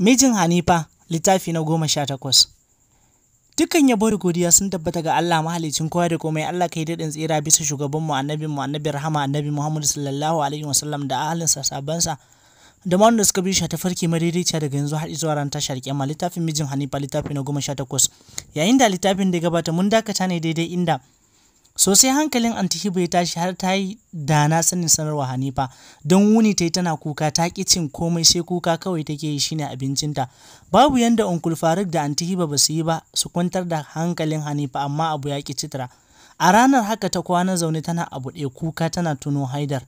Mijin Hanifa littafi na goma sha takwas. Dukkan yabo da godiya sun tabbata ga Allah mahalicin kowa da komai Allah kai daɗin tsira bisa shugabanmu annabinmu annabin annabi rahama annabi Muhammadu sallallahu alaihi wasallam da ahalinsa sabansa da ma wanda suka bi shi ta farki madaidaiciya daga yanzu har zuwa ran tashar kyamma littafin mijin Hanifa littafi na goma sha takwas yayin da littafin da gabata mun dakata ne daidai inda sosai hankalin antihibu ya tashi har ta yi da na sanin sanarwa hanifa don wuni ta yi tana kuka ta ƙi cin komai sai kuka kawai take yi shine abincinta babu yanda unkul faruk da antihiba ba su yi ba su kwantar da hankalin hanifa amma abu ya ƙi citra. a ranar haka ta kwana zaune tana abu ɗaya kuka tana tuno haidar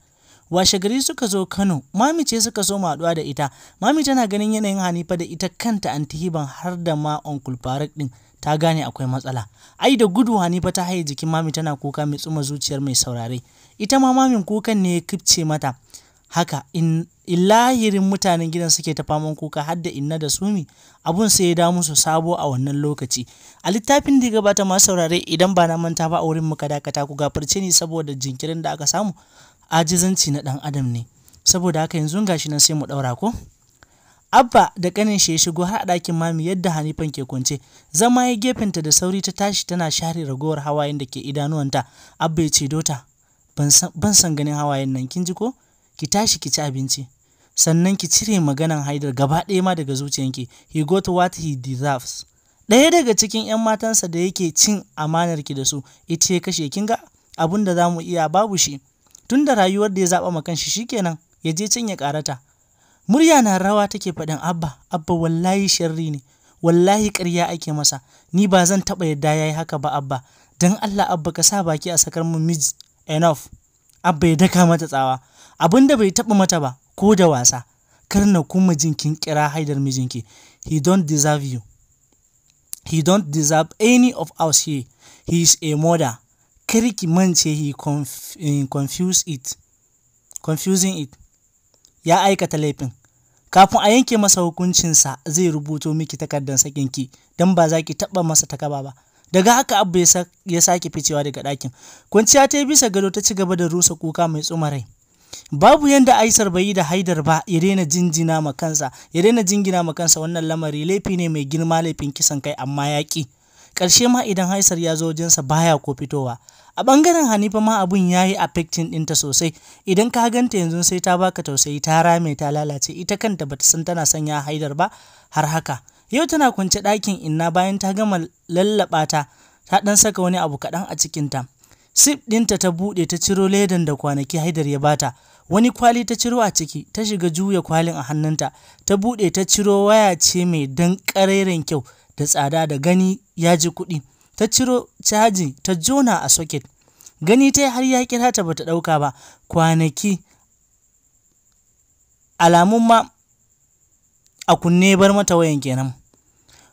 washe gari suka zo kano mami ce suka zo haɗuwa da ita mami tana ganin yanayin hanifa da ita kanta antihiban har da ma unkul faruk ɗin ta gane akwai matsala ai da gudu hanifa ta haye jikin mami tana kuka mai tsuma zuciyar mai saurare ita ma mamin kukan ne ya kifce mata haka in illahirin mutanen gidan suke ta faman kuka har da inna da sumi abun sai ya da musu sabo a wannan lokaci a littafin da gabata ma saurare idan ba na manta ba a wurin muka dakata ku gafarce ni saboda jinkirin da aka samu ajizanci na dan adam ne saboda haka yanzu gashi nan sai mu daura ko Abba da ƙanin shi ya shigo har a ɗakin mami yadda Hanifan ke kwance. Zama ya ta da sauri ta tashi tana share ragowar hawayen da ke idanuwanta. Abba ya ce dota, ban san ganin hawayen nan kin ji ko? Ki tashi ki ci abinci. Sannan ki cire maganan Haidar gaba ɗaya ma daga zuciyanki. He got what he deserves. Ɗaya daga cikin 'yan matansa da yake cin amanar ki da su, ita ya kashe kin ga abin da za iya babu shi. Tunda rayuwar da ya zaɓa ma kanshi shikenan, ya je can ya ƙarata. murya na rawa take faɗin abba abba wallahi sharri ne wallahi ƙarya ake masa ni ba zan taɓa yadda ya yi haka ba abba don allah abba ka sa baki a sakar mu miji enough abba ya daka mata tsawa abin da bai taɓa mata ba ko da wasa kar na kuma jinkin kira haidar mijinki he don't deserve you he don't deserve any of us here he is a mother kar ki mance he conf eh, confuse it confusing it ya aikata laifin kafin a yanke masa hukuncinsa zai rubuto miki takardar sakin ki, don ba za ki taɓa masa takaba ba daga haka abu ya sake ficewa daga ɗakin kwanciya ta yi bisa gado ta ci gaba da rusa kuka mai tsumarai babu yadda aisar bai yi da haidar ba ya daina jinjina ma kansa ya daina jingina ma kansa wannan lamari laifi ne mai girma laifin kisan kai amma yaƙi ƙarshe ma idan haisar ya zo wajensa baya ko fitowa a ɓangaren hanifa ma abun ya yi affecting ɗinta sosai idan ka ganta yanzu sai ta baka tausayi ta rame ta lalace ita kanta bata san tana sanya haidar ba har haka yau tana kwance ɗakin inna bayan ta gama lallaɓa ta ta ɗan saka wani abu kaɗan a cikinta sip ɗinta ta buɗe ta ciro ledan da kwanaki haidar ya bata wani kwali ta ciro a ciki ta shiga juya kwalin a hannunta ta buɗe ta ciro waya ce mai dan ƙareren kyau da tsada da gani ya ji kuɗi ta ciro caji ta jona a socket gani ta har ya kira ta bata ɗauka ba kwanaki alamun ma a kunne bar mata wayan kenan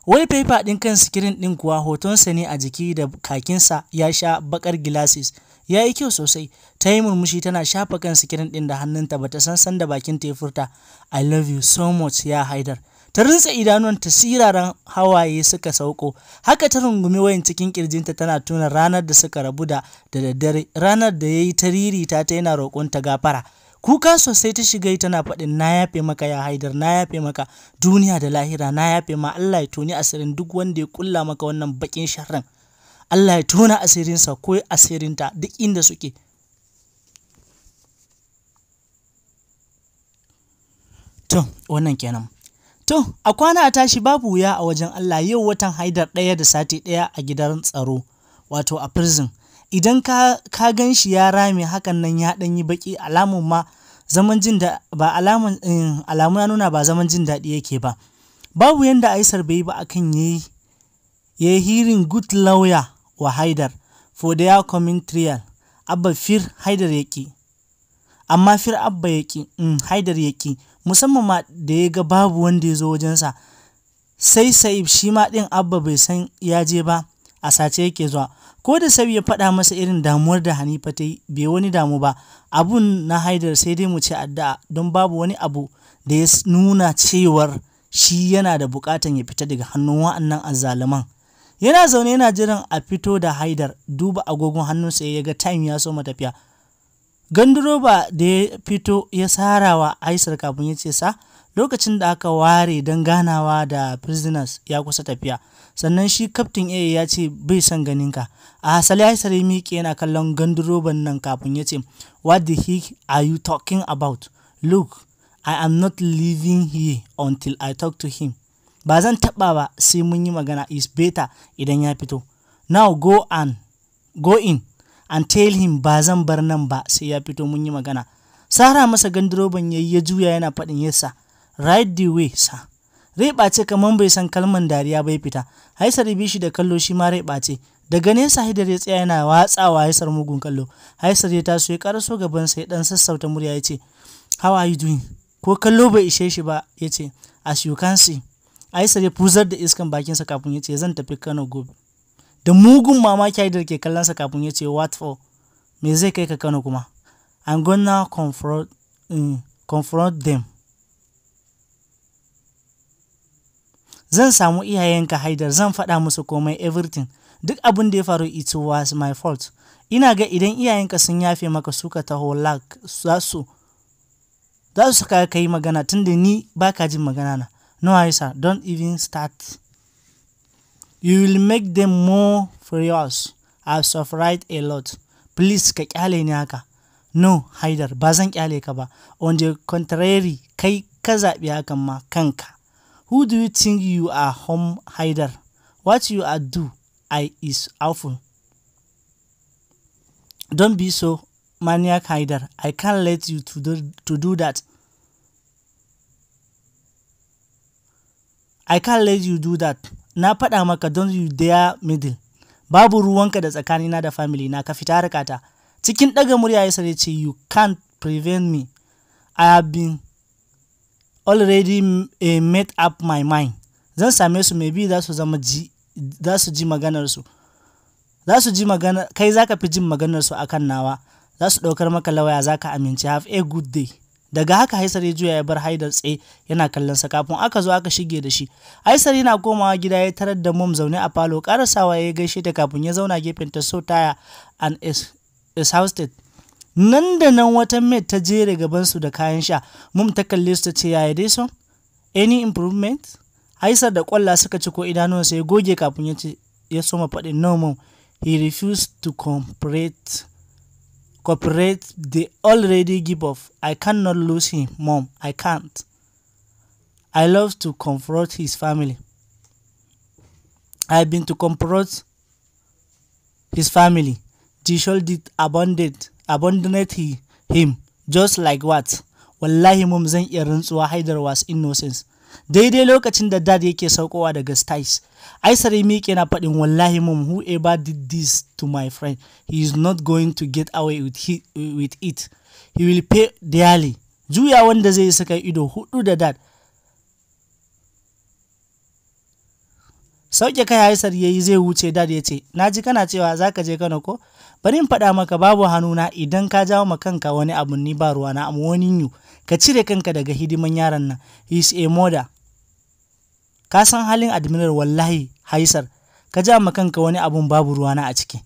wai paper ɗin kan sikirin ɗin kuwa hotonsa ne a jiki da kakinsa ya sha bakar gilasis ya yi kyau sosai ta yi murmushi tana shafa kan sikirin ɗin da hannunta ba ta san san da bakin ta ya furta i love you so much ya haidar ta rintsa ta siraran hawaye suka sauko haka ta rungumi wayan cikin kirjinta tana tuna ranar da suka rabu da daddare ranar da yayi yi tariri ta ta yana ta gafara kuka sosai ta shiga tana faɗin na yafe maka ya haidar na yafe maka duniya da lahira na yafe ma Allah ya toni asirin duk wanda ya kulla maka wannan bakin sharrin Allah ya tona asirinsa ko asirinta duk inda suke to wannan kenan To, a kwana a tashi babu wuya a wajen Allah yau watan haidar ɗaya da sati ɗaya a gidan tsaro, wato a prison. Idan ka, ka gan shi ya rame hakan nan ya ɗan yi baƙi alamun ma zaman jin da ba alamun eh, nuna ba zaman jin daɗi yake ba. Babu yanda Aisar bai yi ba akan yayi yi hirin good lawyer wa Haidar for their coming trial. Abba Fir Haidar yake amma Fir'abba ya ƙi mm, Haidar ya musamman ma da ya ga babu wanda ya zo wajensa sai Sa'ib shi ma ɗin Abba bai san ya je ba a sace yake zuwa ko da sai ya faɗa masa irin damuwar da Hanifa ta yi bai wani damu ba abun na Haidar sai dai mu ce addu'a don babu wani abu da ya nuna cewar shi yana da buƙatan ya fita daga hannun wa'annan azzaluman yana zaune yana jiran a fito da Haidar duba agogon hannunsa ya ga time ya so tafiya. ganduroba da ya fito ya sarawa aisar kafin ya ce sa lokacin da aka ware don ganawa da prisoners ya kusa tafiya sannan shi kaftin a ya ce bai son ka a asali aisar ya miƙe yana kallon ganduroban nan kafin ya ce what the heck are you talking about look i am not leaving here until i talk to him ba zan taɓa ba sai mun yi magana is better idan ya fito now go and go in and tell him ba zan bar nan ba sai ya fito mun yi magana sara masa gandiroban yayi ya juya yana faɗin yasa right the way sa rai ɓace kamar bai san kalman dariya bai fita haisar bi shi da kallo shi ma rai ɓace daga nesa haidar ya tsaya yana watsawa haisar mugun kallo haisar ya taso ya karaso gaban sai dan sassauta murya ya ce how are you doing ko kallo bai ishe shi ba ya ce as you can see haisar ya fuzar da iskan bakinsa kafin ya ce zan tafi kano gobe da mugun mamaki da ke kallonsa kafin ya ce what for me zai kai ka kano kuma i'm gonna confront, um, confront them zan samu iyayenka haidar zan faɗa musu komai everything duk abin da ya faru it was my fault ina ga idan iyayenka sun yafe maka suka taho lak za su za su kai magana tunda ni baka jin magana na no sir don't even start you will make them more furious I have suffered a lot please ka kyale ni no haidar ba zan kyale ka ba on the contrary kai ka zaɓi hakan ma kanka who do you think you are home haidar what you are do i is awful don't be so maniac hider i can't let you to do, to do that i can't let you do that na faɗa maka don you dare middle babu ruwanka da tsakanina da family na ka fita harkata cikin ɗaga murya ya sare ce you can't prevent me i have been already uh, made up my mind zan same su maybe za su zama ji za su ji maganar su za su ji magana kai zaka fi jin maganar su akan nawa za su ɗaukar maka lawaya zaka amince have a good day daga haka haisar ya juya ya bar haidar tsaye yana kallon sa kafin aka zo aka shige da shi haisar yana komawa gida ya tarar da mum zaune a falo karasawa ya gaishe ta kafin ya zauna gefen ta so taya and exhausted nan da nan wata mate ta jere gaban su da kayan sha mum ta kalle su ta ce yaya dai son any improvement haisar da kwalla suka ci ko idanuwansa ya goge kafin ya ce ya soma faɗin no mum he refused to cooperate cooperate they already give up. I cannot lose him, mom. I can't. I love to confront his family. I've been to confront his family. Jishol did abundant, he, him, just like what? Wallahi mom zan iya rantsuwa Haidar was innocence. Daidai lokacin da dad yake saukowa daga styles. i Aisar miƙe na faɗin wallahi mom whoever did this to my friend he is not going to get away with, it with it he will pay dearly juya wanda zai saka ido hudu da dad sauke kai haisar ya yi zai wuce dad ya ce na ji kana cewa za ka je kano ko bari in faɗa maka babu hannuna idan ka jawo ma kanka wani abu ni ba na am warning you ka cire kanka daga hidiman yaron nan he is a mother ka san halin adminar wallahi haisar ka ja ma kanka wani abun babu ruwana a ciki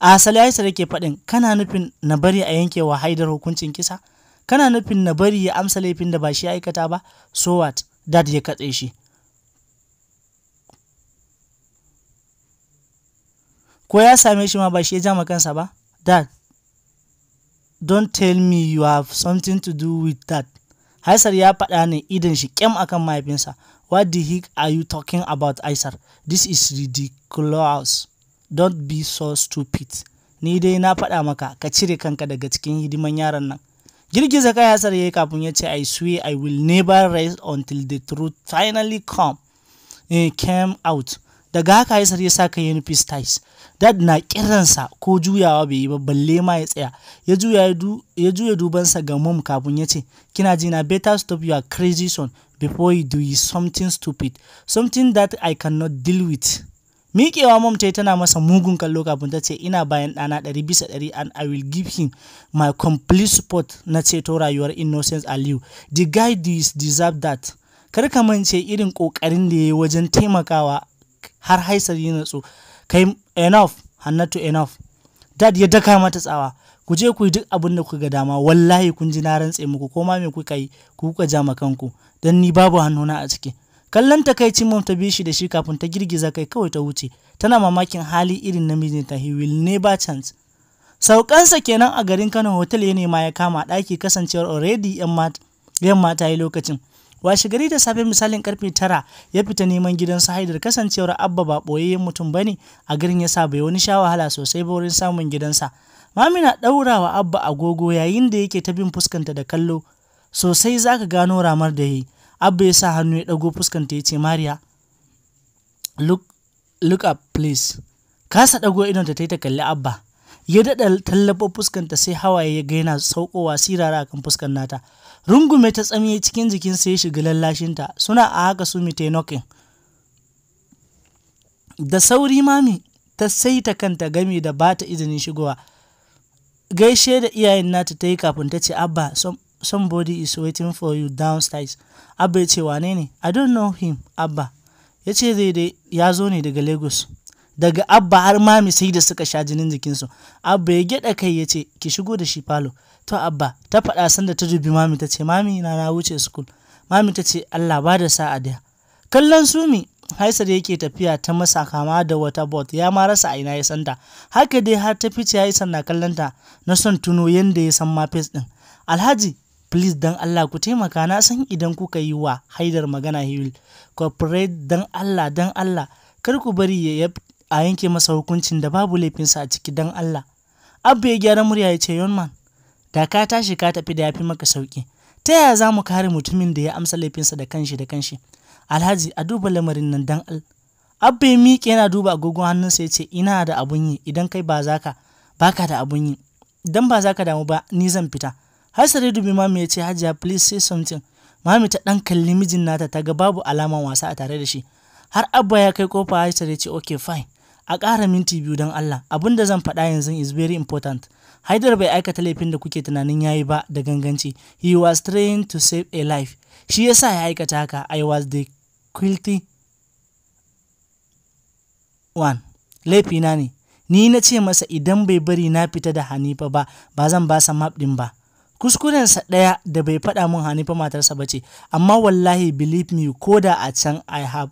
a asali haisar yake faɗin kana nufin na bari a yanke wa haidar hukuncin kisa kana nufin na bari ya amsa laifin da ba shi aikata ba so what dad ya katse shi ko ya same shi ma ba shi ya ja kansa ba dad don't tell me you have something to do with that haisar ya faɗa ne idan shi kyam akan mahaifinsa What the heck are you talking about isar This is ridiculous. Don't be so stupid. Ni dai na faɗa maka, ka cire kanka daga cikin hidiman yaran nan. Girgiza kai Aisar ya yi kafin ya ce, I swear I will never rest until the truth finally come. Eh, came out. Daga haka Aisar ya saka ya nufi styles. Dad na kiransa ko juyawa bai yi ba balle ma ya tsaya. Ya juya dubansa ga mom kafin ya ce, Kina jina better stop your crazy son before you do something stupid, something that I cannot deal with. Miƙewa mom ta yi tana masa mugun kallo kafin ta ce ina bayan ɗana ɗari bisa ɗari and I will give him my complete support na ceto rayuwar Innocence Aliyu. The guy deserve that. Kar ka mance irin ƙoƙarin da ya yi wajen taimakawa har haisar yi natsu kai enough hannatu enough dad ya daka mata tsawa ku je ku yi duk abin da kuka ga dama wallahi kun ji na rantse muku ko ma me kuka yi ku kuka ja kanku dan ni babu hannuna a ciki kallon takaicin mom ta bi shi da shi kafin ta girgiza kai kawai ta wuce tana mamakin hali irin namijin ta he will never chance saukansa kenan a garin Kano hotel ya nema ya kama ɗaki kasancewar already yan mata yi lokacin washe gari da safe misalin karfe tara ya fita neman gidan su haidar kasancewar abba ba ɓoyayyen mutum bane a garin yasa bai wani sha wahala sosai ba wurin samun gidansa mami na ɗaurawa abba agogo yayin da yake ta bin fuskanta da kallo sosai zaka gano ramar da yi abba ya sa hannu ya dago fuskanta ya ce mariya look, look up please kasa ɗago idan ta yi ta kalli abba ya daɗa tallafa fuskanta sai hawaye ya gaina saukowa sirara akan fuskan nata rungume ta tsamiye cikin jikin sai ya shiga lallashinta suna a haka su mitenokin da sauri mami ta saita kanta gami da ba ta izinin shigowa gaishe da iyayen nata ta yi kafin ta ce abba somebody is waiting for you downstairs abba ya ce wane ne i don't know him abba ya ce daidai ya zo ne daga lagos daga abba har mami sai da suka sha jinin jikinsu abba ya gyada kai ya ce ki shigo da shi falo to abba ta faɗa sanda ta dubi mami ta ce mami na na wuce school mami ta ce allah ba da sa'a daya kallon sumi haisar yake tafiya ta masa kama da wata bot ya ma rasa aina ya santa haka dai har ta fice haisar na kallonta na son tuno yanda ya san ma ɗin. din alhaji please dan Allah ku taimaka na san idan kuka yi wa haidar magana hiwil corporate dan Allah dan Allah kar ku bari ya a yanke masa hukuncin da babu laifinsa a ciki don Allah. Abba ya gyara murya ya ce Yonman, da ka tashi ka tafi da ya fi maka sauƙi. Ta yaya za mu kare mutumin da ya amsa laifinsa da kanshi da kanshi? Alhaji a duba lamarin nan don Allah. Abba ya miƙe yana duba agogon hannunsa ya ce ina da abun yi idan kai ba za ka ba ka da abun yi. Idan ba za ka damu ba ni zan fita. Har sare dubi mami ya ce Hajiya please say something. Mami ta ɗan kalli mijin nata ta ga babu alaman wasa a tare da shi. Har Abba ya kai kofa Haisar ya ce okay fine. a ƙara minti biyu don Allah abin da zan faɗa yanzu is very important Haidar bai aikata laifin da kuke tunanin yayi ba da ganganci he was trying to save a life shi yasa ya aikata haka I was the guilty one laifina ne ni na ce masa idan bai bari na fita da Hanifa ba ba zan ba sa map din ba kuskurensa ɗaya da bai faɗa min Hanifa matarsa ba ce amma wallahi believe me ko da a can I have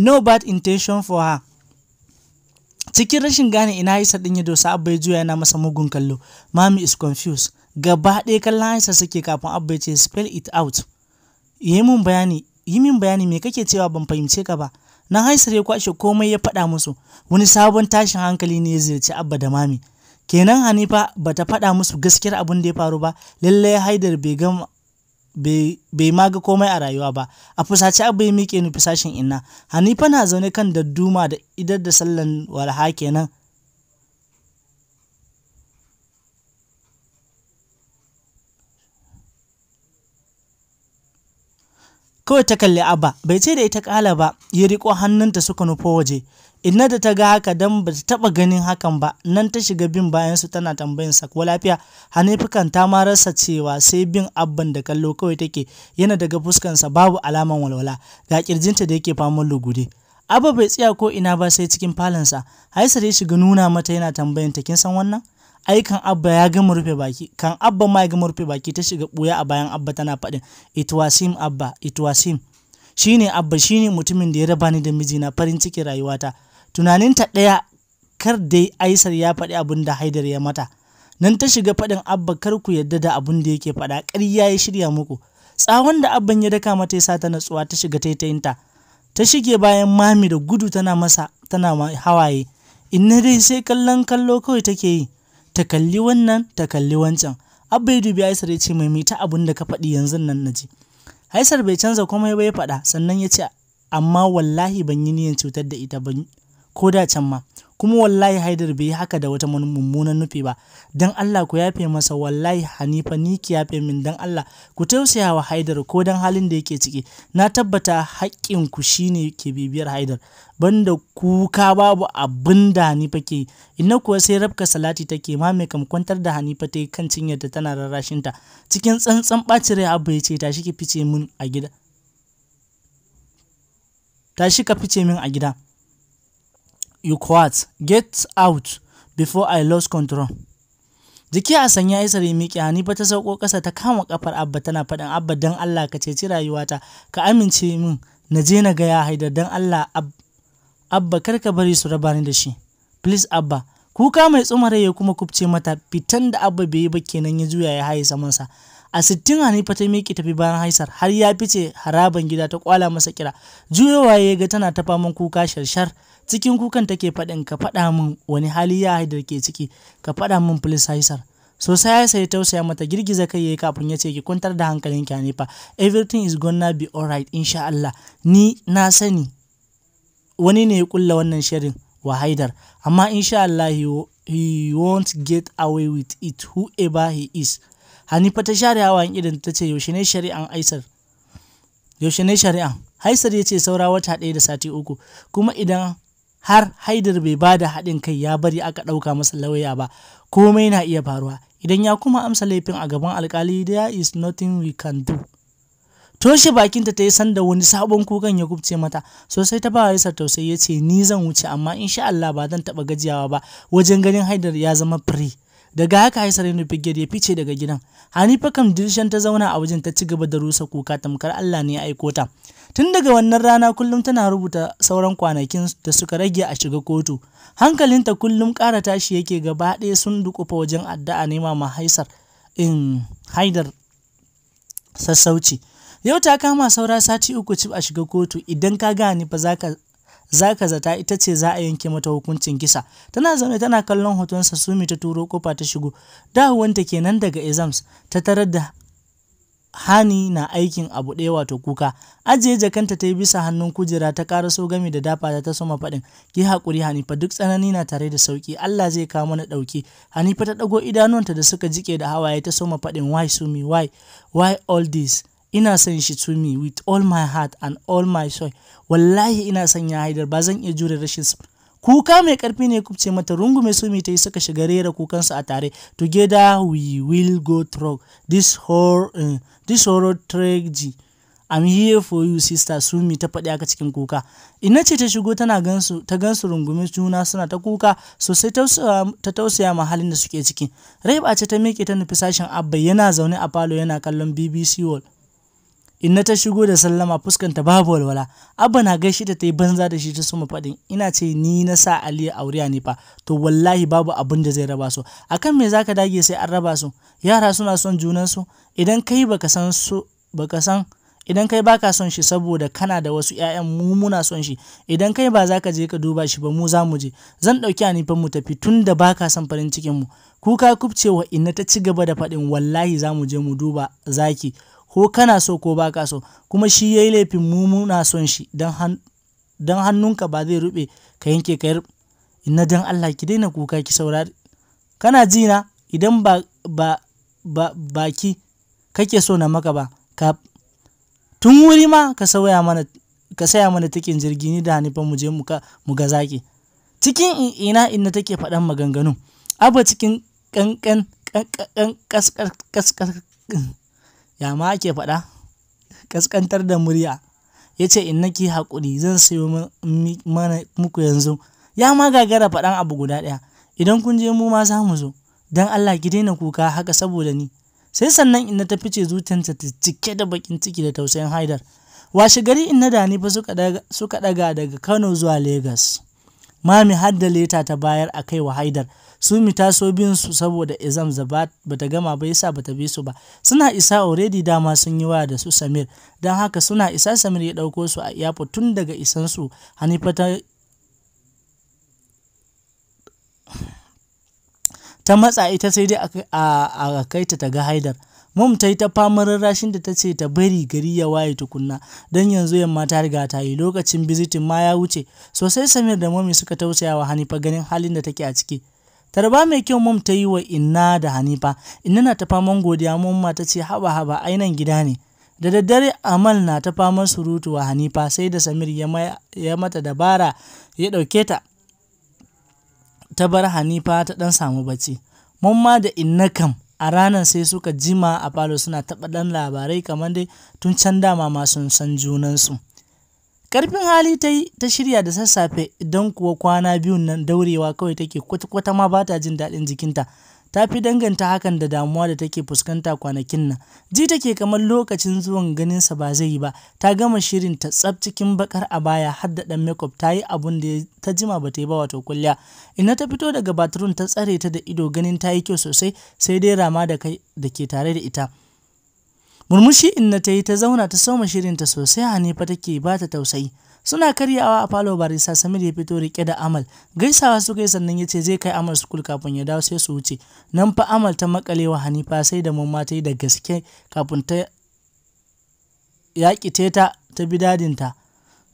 no bad intention for her cikin rashin gane ina isa din ya dosa Abba ya juya yana masa mugun kallo mami is confused gaba ɗaya kallon Aisha suke kafin Abba ya ce spell it out yi min bayani yi min bayani me kake cewa ban fahimce ka ba nan haisar ya kwashe komai ya faɗa musu wani sabon tashin hankali ne ya ziyarci Abba da mami kenan Hanifa bata faɗa musu gaskiyar abin da ya faru ba lallai Haidar bai gama bai ma ga komai a rayuwa ba a fusace abu ya miƙe ni fusashin inna hanifa na zaune kan dadduma da idar da sallan walha kenan kawai ta kalli abba bai ce da ita kala ba ya riko hannunta suka nufo waje inna da ta ga haka dan ba ta taba ganin hakan ba nan ta shiga bin bayan su tana tambayin sa ko lafiya hanifukan ta ma rasa cewa sai bin abban da kallo kawai take yana daga fuskan sa babu alaman walwala ga kirjinta da yake faman lugude abba bai tsaya ko ina ba sai cikin falonsa haisar ya shiga nuna mata yana tambayin ta kin san wannan ai kan abba ya gama rufe baki kan abba ma ya gama rufe baki ta shiga buya a bayan abba tana faɗin it was him abba it was him shine abba shine mutumin da ya raba ni da mijina farin ciki rayuwata ta ɗaya kar dai aisar ya faɗi abin da haidar ya mata nan ta shiga faɗin abba kar ku yadda da abin da yake faɗa ƙarya ya shirya muku tsawon da abban ya daka mata sa ta natsuwa ta shiga taitayinta ta shige bayan mami da gudu tana masa tana hawaye inna dai sai kallon kallo kawai take yi ta kalli wannan ta kalli wancan abu ya dubi haisar ya ce mai mita abin da ka faɗi yanzu nan na ji haisar bai canza komai ya faɗa sannan ya ce amma wallahi ban yi niyyar cutar da ita ba ko da can ma kuma wallahi haidar bai yi haka da wata mummunan nufi ba don allah ku yafe masa wallahi hanifa ni ki yafe min don allah ku tausaya wa haidar ko don halin da yake ciki na tabbata haƙƙin ku shine ke bibiyar haidar banda kuka babu abin da hanifa ke inna kuwa sai rabka salati take ma mai kam kwantar da hanifa ta kan cinyarta tana rarrashin ta cikin tsantsan ɓaci rai abu ya ce tashi ka fice min a gida you quat, get out before I lost control. Jiki a sanya ya miki miƙe Hanifa ta sauko ƙasa ta kama ƙafar Abba tana faɗin Abba don Allah ka ceci rayuwata ka amince min na je na ga ya haidar don Allah Abba kar ka bari su raba ni da shi. Please Abba kuka mai tsumare ya kuma kubce mata fitan da Abba bai yi ba kenan ya juya ya haye samansa. a sittin hanifa ta miƙe tafi bayan haisar har ya fice haraban gida ta kwala masa kira juyowa ya ga tana ta faman kuka sharshar cikin kukan take faɗin ka faɗa min wani hali ya da ke ciki ka faɗa min please haisar sosai ya sai tausaya mata girgiza kai yayi kafin ya ce ki kwantar da hankalin ki Hanifa everything is gonna be alright insha Allah ni na sani wani ne ya kulla wannan shirin wa Haidar amma insha Allah he, he won't get away with it whoever he is Hanifa ta share hawan idan ta ce yaushe ne shari'an Aisar yaushe ne shari'an Haisar ya ce saura wata ɗaya da sati uku kuma idan har haidar bai ba da haɗin kai ya bari aka ɗauka masa lauya ba komai na iya faruwa idan ya kuma amsa laifin a gaban alkali there is nothing we can do toshe bakinta ta yi sanda wani sabon kukan ya kubce mata sosai ta bawa yasa tausayi ya ce ni zan wuce amma insha Allah ba zan taɓa gajiyawa ba wajen ganin haidar ya zama free daga haka haisar ibn ya fice daga gidan hanifa kam dirshan ta zauna a wajen ta ci gaba da rusa kuka tamkar allah ne ya aiko ta tun daga wannan rana kullum tana rubuta sauran kwanakin da suka rage a shiga kotu hankalinta kullum ƙara tashi yake gaba ɗaya sun dukufa wajen addu'a nema ma haisar in haidar sassauci yau ta kama saura sati uku cif a shiga kotu idan ka gani fa zaka za ka zata ita ce za a yanke mata hukuncin kisa tana zaune tana kallon hotonsa sumi ta turo kofa ta shigo dawowanta kenan daga exams ta tarar da hani na aikin abu ɗaya wato kuka ajiye jakanta ta yi bisa hannun kujera ta ƙara so gami da dafa ta soma faɗin ki haƙuri hanifa duk tsanani na tare da sauƙi allah zai kawo mana ɗauki hanifa ta ɗago idanunta da suka jike da hawaye ta soma faɗin why sumi why why all this ina son shi to me with all my heart and all my soul wallahi ina son ya haidar ba zan iya jure rashin sa kuka mai karfi ne kubce mata rungume su ta yi suka shiga rera kukansu a tare together we will go through this whole uh, this whole tragedy I'm here for you sister Sumi ta faɗi aka cikin kuka. Ina ce ta shigo tana gansu ta gansu rungume juna suna ta kuka sosai ta tausaya ma halin da suke ciki. Raiba ce ta miƙe ta nufi sashen Abba yana zaune a falo yana kallon BBC World. inna ta shigo da sallama fuskanta babu walwala abba na gaishe da ta yi banza da shi ta suma faɗin ina ce ni na sa aliyu aure ne fa to wallahi babu abin da zai raba su akan me zaka dage sai an raba su yara suna son junansu su idan kai baka san su baka san idan kai baka son shi saboda kana da wasu 'ya'yan mu muna son shi idan kai ba za ka je ka duba shi ba mu za mu je zan ɗauki anifan mu tafi tun da baka son farin cikin mu kuka kubcewa inna ta ci gaba da faɗin wallahi za mu je mu duba zaki ko kana so ko ba ka so kuma shi yayi laifin mu muna son shi dan don hannunka ba zai ruɓe ka yanke ka inna dan Allah ki daina kuka ki saurari kana ji na idan ba ba ba baki kake so na maka ba ka tun wuri ma ka sauya mana ka saya mana tikin jirgi ni da hanifan mu je mu ga zaki cikin ina inna take faɗan maganganu. abu cikin kaskar kaskar ya ma ake faɗa? Ƙasƙantar da murya. Ya ce in naki haƙuri zan sayo mana muku yanzu. Ya ma gagara faɗan abu guda ɗaya. Idan kun je mu ma za mu zo. Don Allah ki daina kuka haka saboda ni. Sai sannan inna ta fice zuciyarta ta cike da bakin ciki da tausayin Haidar. Washe gari inna da ni fa suka daga daga Kano zuwa Legas. Mami har da leta ta bayar a kai wa Haidar sumi ta so bin su saboda exam ba bata gama ba yasa bata bi su ba suna isa already dama sun yi waya da su samir dan haka suna isa samir ya dauko su a airport tun daga isan su hanifa ta ta matsa ita sai dai a kai ta ta ga haidar mom ta yi ta famar rashin da ta ce ta bari gari ya waye tukunna don yanzu yamma ta riga ta yi lokacin bizitin ma ya wuce sosai samir da momi suka tausayawa hanifa ganin halin da take a ciki tarba mai kyau Mum ta yi wa inna da hanifa inna na ta faman godiya ma ta ce haba haba ainan gida ne da daddare amal na ta faman surutu wa hanifa sai da samir ya mata dabara ya ɗauke ta ta bar hanifa ta ɗan samu bacci mamma da inna kam a ranar sai suka jima a falo suna taɓa ɗan labarai kamar dai tun can dama ma sun san junansu karfin hali ta yi ta shirya da sassafe don kuwa kwana biyun nan daurewa kawai take kwata-kwata ma ba ta jin daɗin jikinta. Ta fi danganta hakan da damuwa da take fuskanta kwanakin nan. Ji take kamar lokacin zuwan ganinsa ba zai yi ba, ta gama shirin ta tsaf cikin bakar a baya har da ɗan makeup ta yi abun da ta jima ba ta yi ba wato kulliya. Ina ta fito daga bathroom ta tsare ta da ido ganin ta yi kyau sosai sai dai rama da kai da ke tare da ita. murmushi inna ta yi ta zauna ta soma shirinta sosai hanifa take ba ta tausayi suna karyawa a falo barisa samir ya fito rike da amal gaisawa su kai sannan ya ce zai kai amal sukul kafin ya dawo sai su wuce nan fa amal ta makalewa hanifa sai da mamma ta yi da gaske kafin ta yaƙi ta ta bi dadinta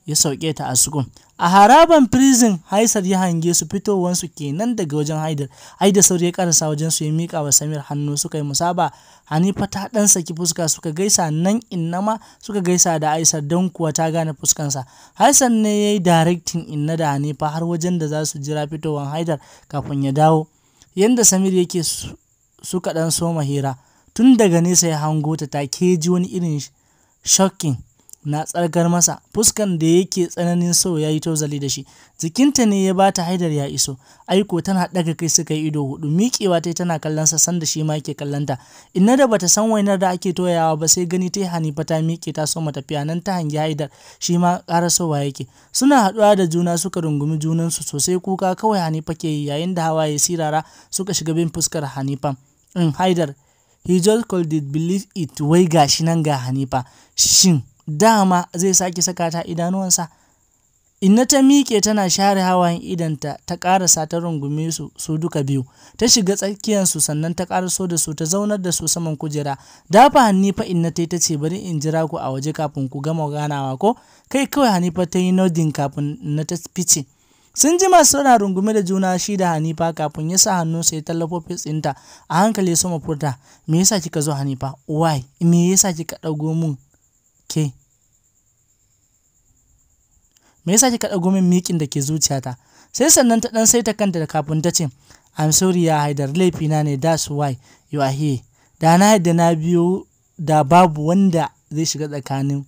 ya sauke ta a sukun a haraban prison haisar ya hange su fitowansu kenan daga wajen haidar haidar sauri ya karasa wajen su ya miƙa wa samir hannu suka yi musaba Hanifa ta ɗan saki fuska suka gaisa nan inna ma suka gaisa da Aisha don kuwa ta gane fuskansa. Hassan ne ya yi daraktin inna da Hanifa har wajen da za su jira fitowan Haidar kafin ya dawo. yadda Samir yake suka ɗan soma hira tun daga nesa ya hango ta take ji wani irin shocking na tsarkar masa fuskan da yake tsananin so ya yi tozali da shi jikinta ne ya ba ta haidar ya iso aiko tana daga kai suka yi ido hudu miƙewa ta tana kallonsa. sa sanda shi ma yake kallonta. inna da bata san wainar da ake toyawa ba sai gani ta yi hanifa ta miƙe ta so fiya nan ta hangi haidar shi ma ƙarasowa yake suna haɗuwa da juna suka rungumi junansu sosai kuka kawai hanifa ke yi yayin da hawaye sirara suka shiga bin fuskar hanifa in mm, haidar he just called it believe it wai gashi nan ga hanifa shin dama zai sake saka ta idanuwansa inna ta miƙe tana share hawayen idanta ta ƙarasa ta rungume su su duka biyu ta shiga tsakiyarsu sannan ta ƙaraso da su ta zaunar da su saman kujera dafa hannifa inna ta ta ce bari in jira ku a waje kafin ku gama ganawa ko kai kawai hannifa ta yi nodin kafin na ta fice sun jima suna rungume da juna shi da hannifa kafin ya sa hannu sai tallafo fitsinta a hankali sama furta me yasa kika zo hannifa why me yasa kika ɗago mun Ke, me yasa kika ɗago min miƙin da ke zuciyata? Sai sannan ta ɗan saita kanta da kafin ta ce, I'm sorry ya haidar laifina ne that's why you are here. Da na yadda na biyo da babu wanda zai shiga tsakanin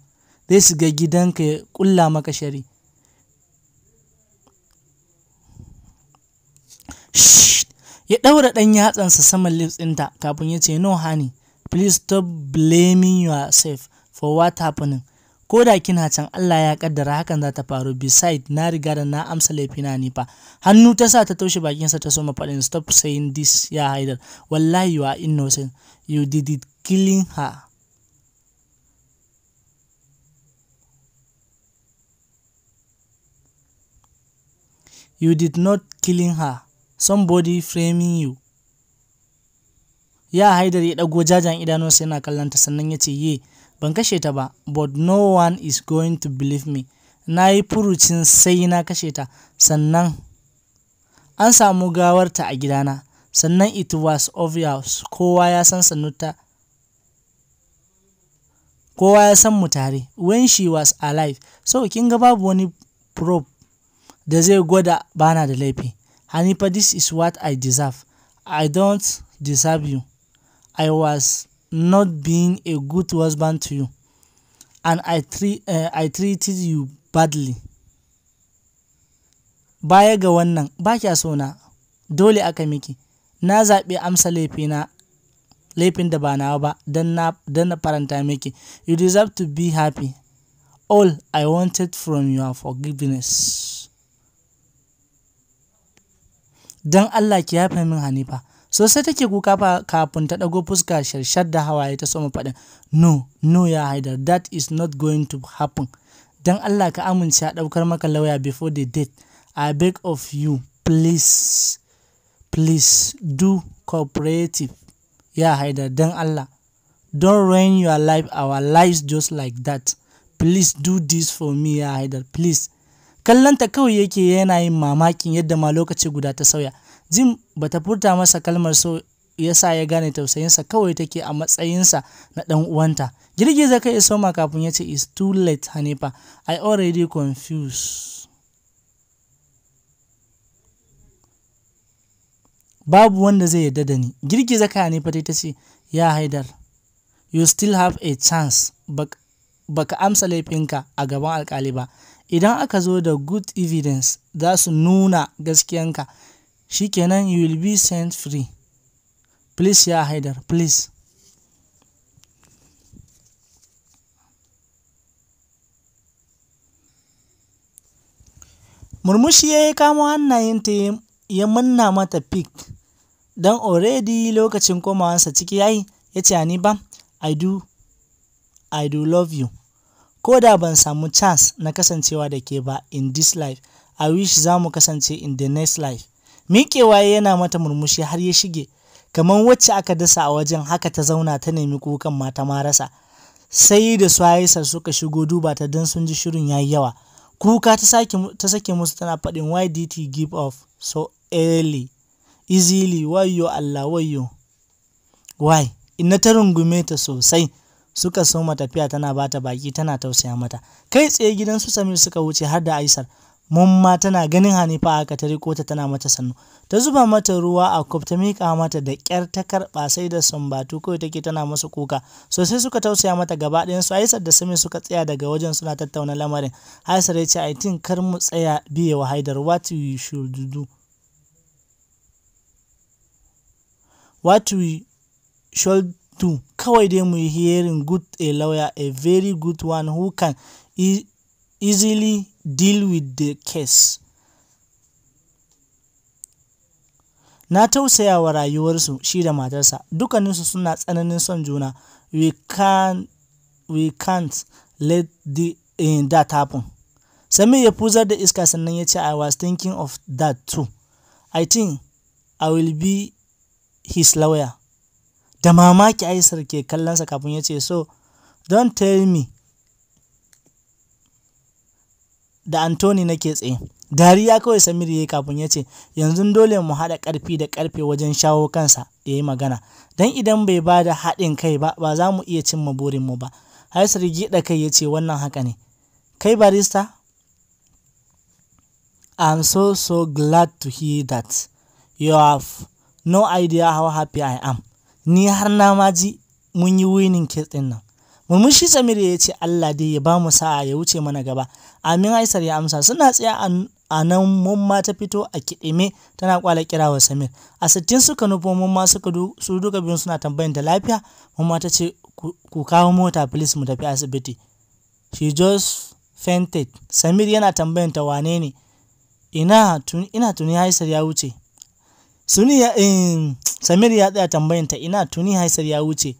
zai shiga gidanka ya ƙulla maka shari. ya ɗaura ɗan yatsansa saman lips ɗinta kafin ya ce no honey please stop blaming yourself for what happening ko da kina can Allah ya kaddara hakan za ta faru beside na riga da na amsa laifina ni fa hannu ta sa ta toshe sa ta soma faɗin stop saying this ya haidar wallahi you are innocent you did it killing her you did not killing her somebody framing you ya haidar ya ɗago jajan idanunsa yana kallon ta sannan ya ce yi. ban kashe ta ba but no one is going to believe me na yi furucin sai na kashe ta sannan an samu gawarta a gidana sannan it was obvious kowa ya san sanuta kowa ya san mu tare when she was alive so kin ga babu wani probe da zai gwada bana da laifi hanifa this is what i deserve i don't deserve you i was not being a good husband to you, and I, treat, uh, eh, I treated you badly. Baya ga wannan, ba kya sona, dole aka miki, na zaɓi amsa laifina laifin da ba nawa ba don na faranta miki. You deserve to be happy. All I wanted from your forgiveness. Don Allah ki yafe min Hanifa, sosai take kuka fa kafin ta ɗago fuska sharshar da hawaye ta soma fadin no no ya haidar that is not going to happen dan allah ka amince a ɗaukar maka lauya before the date i beg of you please please do cooperative ya haidar don allah don't ruin your life our lives just like that please do this for me ya haidar please kallonta kawai yake yana yin mamakin yadda ma lokaci guda ta sauya jim ta furta masa kalmar so ya sa ya gane tausayinsa kawai take a matsayinsa na dan uwanta girgiza kai soma kafin ya ce is too late hanifa i already confused babu wanda zai yarda da ni girgiza kai hanifa ta ce ya haidar you still have a chance baka amsa laifinka a gaban alkali ba idan aka zo da good evidence za su nuna gaskiyanka Shi kenan you will be sent free. Please ya Haidar, please. Murmushi ya yi kamo hannayenta ya manna mata pic don already lokacin komawansa ciki yayi ya ce ni ba, I do, I do love you. Ko da ban samu chance na kasancewa da ke ba in this life, I wish za mu kasance in the next life. miƙewa yana mata murmushi har ya shige kamar wacce aka dasa a wajen haka ta zauna ta nemi kukan mata marasa sai da suwaisa suka shigo duba ta don sun ji shirin yayi yawa kuka ta sake musu tana faɗin why did he give up so early easily wayo allah wayo why ina ta rungume ta sosai suka so soma tafiya tana bata baki tana tausaya mata kai tsaye gidan su samir suka wuce har da aisar ma tana ganin hanifa haka ta riko ta tana mata sannu ta zuba mata ruwa a kwaf ta miƙa mata da ƙyar ta karɓa sai da sumbatu kawai take tana masa kuka sosai suka tausaya mata gaba ɗayan su aisar da sami suka tsaya daga wajen suna tattauna lamarin aisar ya ce i think kar mu tsaya biye wa haidar what we should do kawai dai mu yi hearing good a lawyer a very good one who can e-, easily deal with the case. Na tausaya wa rayuwarsu shi da matarsa, dukkaninsu suna tsananin son juna. We can't, we can't let the, eh, that happen. Samir ya fuzar da iska sannan ya ce, I was thinking of that too. I think I will be his lawyer. Da mamaki Aisar ke kallonsa kafin ya ce, So, don't tell me da Anthony nake tsaye. Dariya kawai Samir ya yi kafin ya ce, yanzu dole mu haɗa ƙarfi da ƙarfe wajen shawo kansa ya yi magana. Don idan bai ba da haɗin kai ba, ba za mu iya cimma mu ba. Haisar gida kai ya ce wannan haka ne. Kai barista? I'm so so glad to hear that. You have no idea how happy I am. Ni har na ma ji mun yi winning case ɗin nan. Murmushi Samir ya ce Allah dai ya ba mu sa'a ya wuce mana gaba. Amin Aisar ya amsa suna tsaya a nan mumma ta fito a kiɗime tana kwala kira wa Samir. A sittin suka nufo mumma suka su duka biyun suna tambayin da lafiya mumma ta ce ku kawo mota please mu tafi asibiti. She just fainted. Samir yana tambayin ta wane ne? Ina ina tuni Aisar ya wuce. Suni ya Samir ya tsaya tambayin ta ina tuni Aisar ya wuce.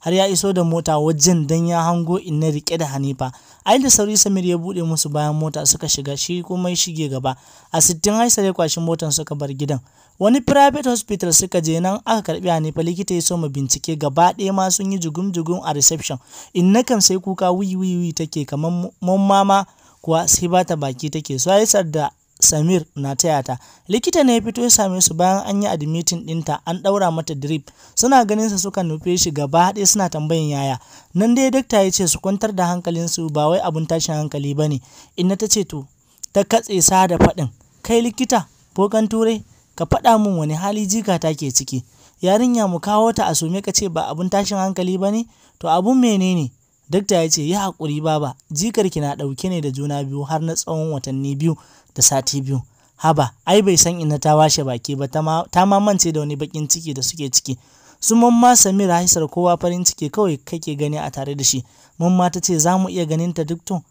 har ya iso da mota wajen dan ya hango inna rike da Hanifa ai da sauri samir ya bude musu bayan mota suka shiga shi kuma ya shige gaba a sittin haisar ya kwashi motar suka bar gidan wani private hospital suka je nan aka karbi hanifa likita ya so soma bincike gaba ɗaya ma sun yi jugum-jugum a reception inna kam sai kuka wiwiwi take kamar mun mama kuwa sai ba ta baki take so haisar da Samir na taya ta. Likita ne ya fito ya same su bayan an yi admitting ɗinta an ɗaura mata drip. Suna ganin sa suka nufe shi gaba ɗaya suna tambayin yaya. Nan dai dakta ya ce su kwantar da hankalinsu ba wai abun tashin hankali ba ne. Inna ta ce to ta katse sa da faɗin. Kai likita, bokan turai, ka faɗa min wani hali jika ta ke ciki. Yarinya mu kawo ta a sume ka ce ba abun tashin hankali ba ne? To abun menene? dakta ya ce yi haƙuri baba jikarki na ɗauke ne da juna biyu har na tsawon watanni biyu da sati biyu haba ai bai san ina ta washe baki ba ta mamance da wani bakin ciki da suke ciki su ma samira haisar kowa farin ciki kawai kake gani a tare da shi ma ta ce za mu iya ganin ta duk tun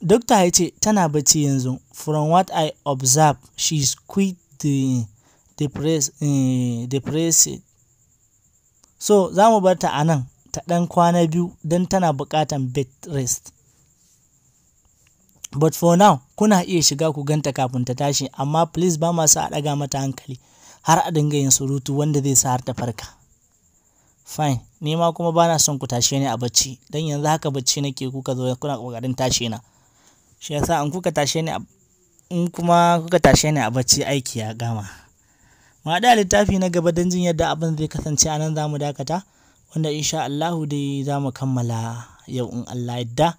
dokta ya ce tana bacci yanzu from what i observe she is quite the depressed, eh, so za mu bar ta a nan ta ɗan kwana biyu don tana buƙatan bed rest but for now kuna iya shiga ku ganta kafin ta tashi amma please ba masu a ɗaga mata hankali har a dinga yin surutu wanda zai sa har ta farka fine ni ma kuma bana son ku tashe ni a bacci don yanzu haka bacci nake kuka zo kuna ƙoƙarin tashe na shi yasa in kuka tashe ni in kuma kuka tashe ni a bacci aiki ya gama ma da littafi na gaba don jin yadda abin zai kasance a nan za mu dakata wanda insha Allahu dai za mu kammala yau in Allah yadda.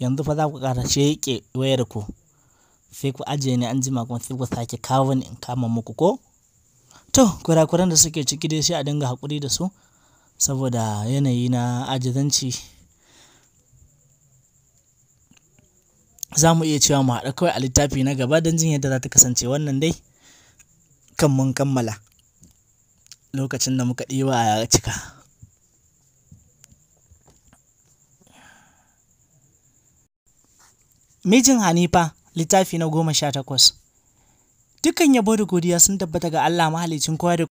Yanzu fa za ku ƙara riƙe wayar ku sai ku ajiye ni anjima kuma sai ku sake kawo in kama muku ko? To, kurakuran da suke ciki dai sai a dinga haƙuri da su saboda yanayi na ajizanci. za mu iya cewa mu haɗa kawai a littafi na gaba don jin yadda za ta kasance wannan dai dukkan mun kammala lokacin da muka ɗiwa ya cika mijin hanifa littafi na goma sha takwas dukkan yabo da godiya sun tabbata ga Allah mahalicin kowa da